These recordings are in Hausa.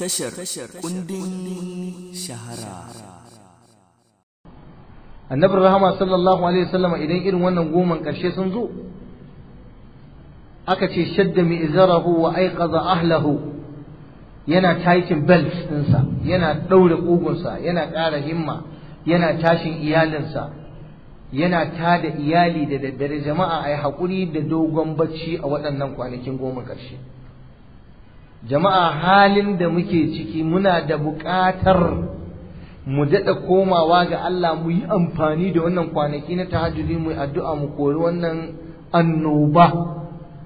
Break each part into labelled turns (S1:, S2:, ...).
S1: tashar kundin shahara annabi rahama sallallahu alaihi idan irin wannan goman karshe sun zo aka ce shadda mi'zarahu wa aiqadha ahlahu yana taitin belt ɗinsa yana ɗaure ƙugunsa yana ƙara himma yana tashin iyalinsa yana tada iyali da daddare jama'a ai haƙuri da dogon bacci a waɗannan kwanakin goma ƙarshe jama'a halin da muke ciki muna da buƙatar mu daɗa komawa ga Allah mu yi amfani da wannan kwanaki na tahajjudi mu addu'a mu kori wannan annoba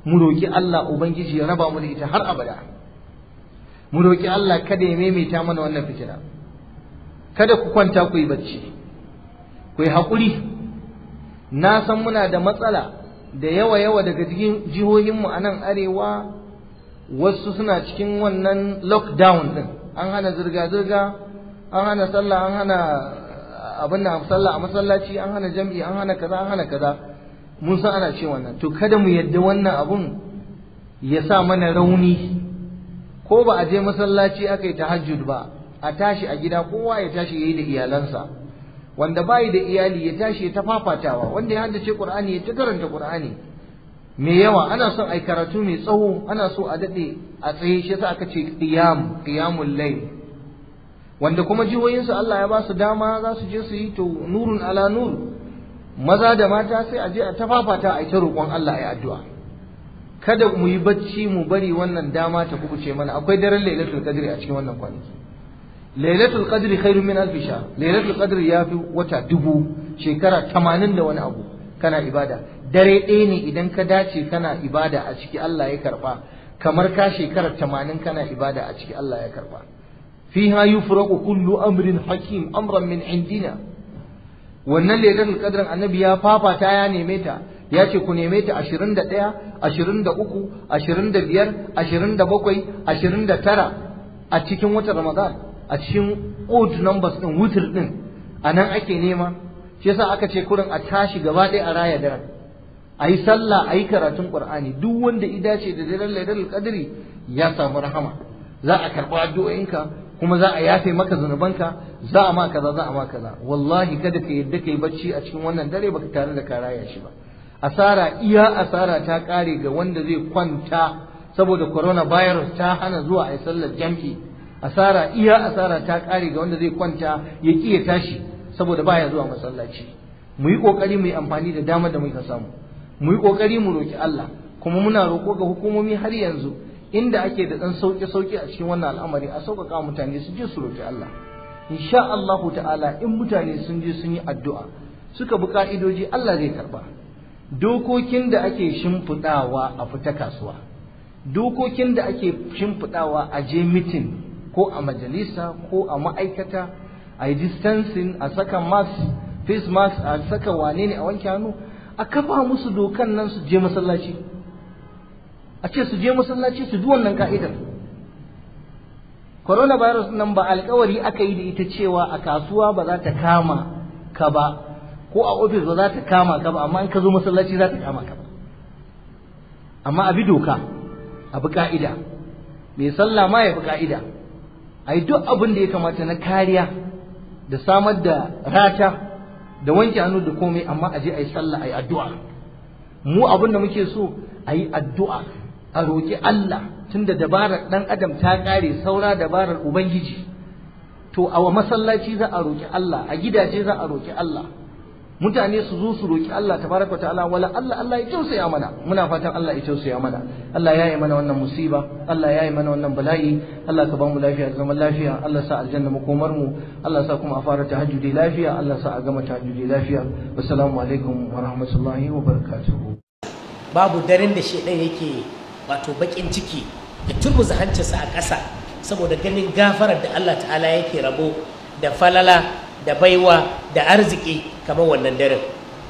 S1: mu roƙi Allah ubangiji ya raba mu da ita har abada mu roƙi Allah kada ya maimaita mana wannan fitina kada ku kwanta ku yi bacci ku yi haƙuri na san muna da matsala da yawa yawa daga cikin jihohinmu a nan arewa wasu suna cikin wannan lockdown din an hana zirga-zirga an hana sallah an hana eh, abin na sallah a masallaci an hana jam'i an hana kaza an hana kaza mun san ana ce wannan to kada mu yadda wannan abun ya sa mana rauni ko ba a je masallaci aka yi tahajjud ba a tashi a gida kowa ya tashi yayi da iyalansa wanda bai da iyali ya tashi ya ta fafatawa wanda ya haddace qur'ani ya ta karanta qur'ani Mai yawa ana son ai karatu mai tsawo ana so a daɗe a tsaye shi yasa aka ce qiyam qiyamul layl wanda kuma jihohinsu Allah ya ba su dama za su je su yi to nurun ala nur maza da mata sai a je a tafafata a ita roƙon Allah ya addu'a kada mu yi bacci mu bari wannan dama ta kubuce mana akwai daren lailatul qadri a cikin wannan kwanaki lailatul qadri khairun min alf shahr lailatul qadri yafi wata dubu shekara 80 da wani abu kana ibada dare ɗaya ne idan ka dace kana ibada a ciki Allah ya karɓa. kamar ka shekara tamanin kana ibada a ciki Allah ya karba fiha yufraqu kullu amrin hakim amran min indina wannan lailatul qadrin annabi ya fafata ya neme ta ya ce ku neme ta 21 23 25 27 29 a cikin watan Ramadan a cikin old numbers din ɗin, din anan ake nema shi yasa aka ce kurin a tashi gaba ɗaya a raya daren a yi sallah a yi karatun ƙur'ani duk wanda i dace da daren laidar kadiri ya samu rahama za a karɓi addu'o'inka kuma za a yafe maka zunubanka za a ma kaza za a ma kaza wallahi kada ka yadda ka yi bacci a cikin wannan dare baka tare da ka raya shi ba asara iya asara ta ƙare ga wanda zai kwanta saboda corona virus ta hana zuwa a yi sallar jamfi asara iya asara ta kare ga wanda zai kwanta ya ƙi ya tashi saboda baya zuwa masallaci mu yi ƙoƙari mu yi amfani da damar da muka samu mu yi kokari mu roki Allah kuma muna roƙo ga hukumomi har yanzu inda ake da ɗan sauki sauki a cikin wannan al'amari a sauƙaƙa mutane su je su roki Allah insha Allah ta'ala in mutane sun je sun yi addu'a suka bi ka'idoji Allah zai karba dokokin da ake shimfiɗawa a fita kasuwa dokokin da ake shimfiɗawa a je mitin ko a majalisa ko a ma'aikata a yi distancing a saka mask face mask a saka wane ne a wanke hannu a kafa musu dokan nan su je masallaci a ce su je masallaci su bi wannan ka'idar coronavirus nan ba alkawari aka yi da ita cewa a kasuwa ba za ta kama ka ba ko a ofis ba za ta kama ka ba amma in ka zo masallaci za ta kama ka ba amma a bi doka a bi ka'ida mai sallah ma ya bi ka'ida a yi duk abin da ya kamata na kariya da samar da rata da wanke hannu da komai amma a je a yi sallah a yi addu'a mu abin da muke so a yi addu'a a roƙi Allah tunda dabarar ɗan adam ta ƙare saura dabarar ubangiji to a masallaci za a roƙi Allah a gidaje za a roƙi Allah mutane su zo su roki Allah tabaraka ta'ala wala Allah Allah ya tausaya mana muna fatan Allah ya tausaya mana Allah ya yi mana wannan musiba Allah ya yi mana wannan bala'i Allah ka ba mu lafiya da zaman lafiya Allah sa aljanna makomar mu Allah sa kuma a fara tahajjudi lafiya Allah sa a gama tahajjudi lafiya assalamu alaikum wa rahmatullahi wa barakatuhu babu
S2: daren da shedan yake wato bakin ciki ya turmuza hancinsa a ƙasa saboda ganin gafarar da Allah ta'ala yake rabo da falala da baiwa da arziki kamar wannan daren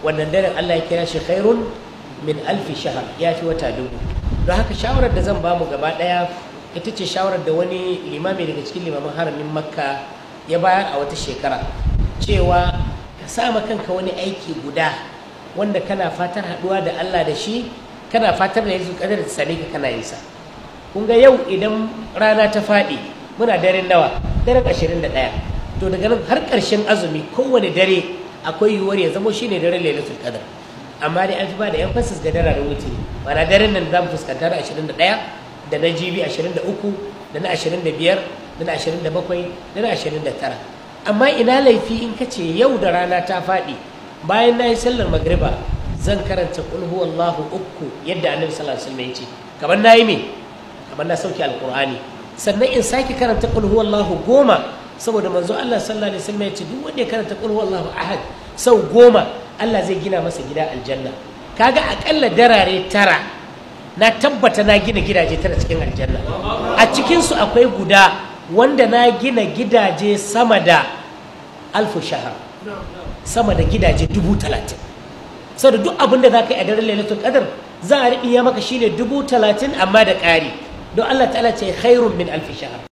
S2: wannan daren Allah ya kira shi khairun min alfi shahar ya fi wata dubu don haka shawarar da zan bamu gaba daya ita ce shawarar da wani limami daga cikin limamin haramin makka ya bayar a wata shekara cewa ka sama kanka wani aiki guda wanda kana fatar haɗuwa da Allah da shi kana fatar da yanzu kadar da sani ka kana yinsa kun ga yau idan rana ta faɗi muna dare nawa daren ashirin da ɗaya to daga nan har ƙarshen azumi kowane dare akwai yiwuwar ya zamo shine daren lailatul qadr amma dai an fi ba da emphasis ga dararen Ba mana daren nan za mu fuskanta na 21 da na jibi 23 da na 25 da na 27 da na 29 amma ina laifi in ka ce yau da rana ta faɗi bayan na yi sallar magriba zan karanta kulhu wallahu uku yadda annabi sallallahu alaihi wasallam ya ce kamar na yi me kamar na sauke alqur'ani sannan in sake karanta kulhu wallahu goma saboda manzo Allah sallallahu alaihi wasallam ya ce duk wanda ya karanta qul huwallahu ahad sau goma Allah zai gina masa gida aljanna kaga akalla darare tara na tabbata na gina gidaje tara cikin aljanna a cikin su akwai guda wanda na gina gidaje sama da alfu shahar sama da gidaje dubu talatin saboda duk abin da za ka yi a daren lailatul qadr za a ya maka shine dubu talatin amma da ƙari don Allah ta'ala ce khairun min alfi shahar